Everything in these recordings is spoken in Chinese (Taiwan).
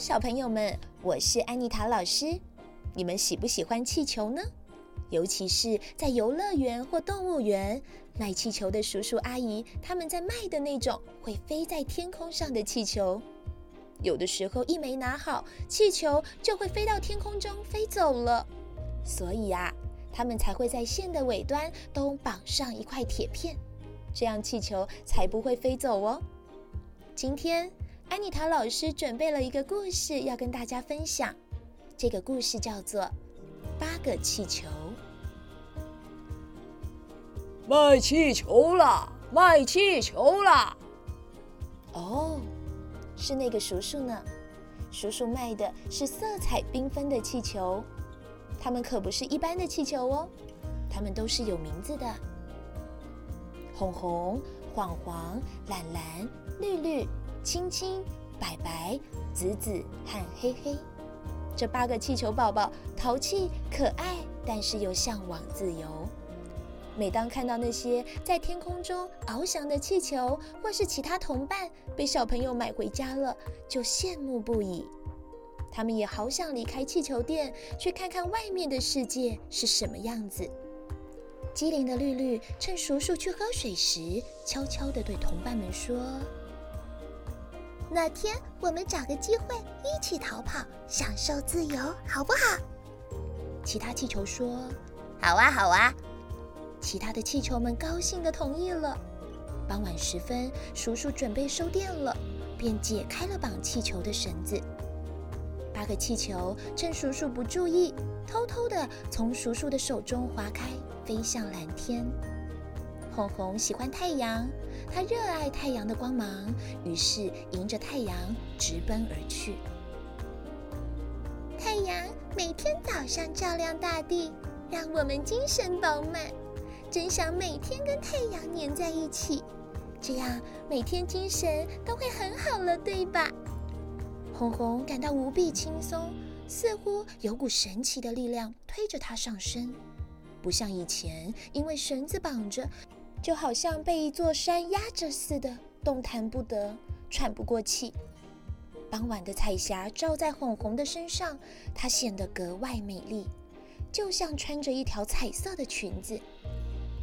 小朋友們，我是安妮塔老師。你們喜不喜歡氣球呢？尤其是在遊樂園或動物園，賣氣球的叔叔阿姨，他們在賣的那種會飛在天空上的氣球。有的時候一沒拿好，氣球就會飛到天空中飛走了。所以啊，他們才會在線的尾端都綁上一塊鐵片，這樣氣球才不會飛走哦。今天。安妮塔老師準備了一個故事要跟大家分享，這個故事叫做《八個氣球》。賣氣球啦，賣氣球啦！哦，是那個叔叔呢？叔叔賣的是色彩繽紛的氣球，他們可不是一般的氣球哦，他們都是有名字的：紅紅、黃黃、藍藍、綠綠。青青、白白、紫紫和黑黑，這八個氣球寶寶淘氣可愛，但是又嚮往自由。每當看到那些在天空中翱翔的氣球，或是其他同伴被小朋友買回家了，就羨慕不已。他們也好想離開氣球店，去看看外面的世界是什麼樣子。機靈的綠綠趁叔叔去喝水時，悄悄地對同伴們說。那天我們找個機會一起逃跑，享受自由，好不好？其他氣球說：“好啊，好啊。”其他的氣球們高興地同意了。傍晚時分，叔叔準備收電了，便解開了綁氣球的繩子。八個氣球趁叔叔不注意，偷偷地從叔叔的手中滑開，飛向藍天。紅紅喜歡太陽，她熱愛太陽的光芒，於是迎着太陽直奔而去。太陽每天早上照亮大地，讓我們精神飽滿，真想每天跟太陽粘在一起，這樣每天精神都會很好了，對吧？紅紅感到無比輕鬆，似乎有股神奇的力量推着她上升，不像以前因為繩子綁着，就好像被一座山壓着似的，動彈不得，喘不過氣。傍晚的彩霞照在紅紅的身上，她顯得格外美麗，就像穿着一條彩色的裙子。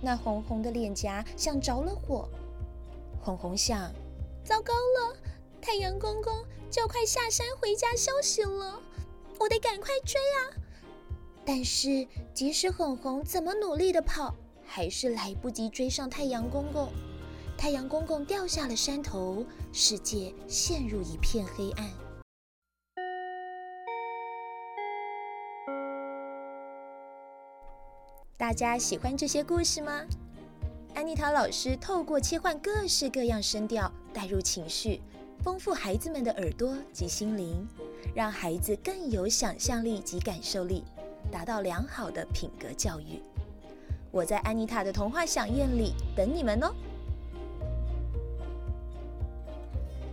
那紅紅的臉頰像着了火。紅紅想：糟糕了，太陽公公就快下山回家休息了，我得趕快追呀！但是，即使紅紅怎麼努力地跑，還是來不及追上太陽公公，太陽公公掉下了山頭，世界陷入一片黑暗。大家喜歡這些故事嗎？安妮塔老師透過切換各式各樣聲調，帶入情緒，豐富孩子們的耳朵及心靈，讓孩子更有想象力及感受力，達到良好的品格教育。我在安妮塔的童話饗宴裡等你們哦。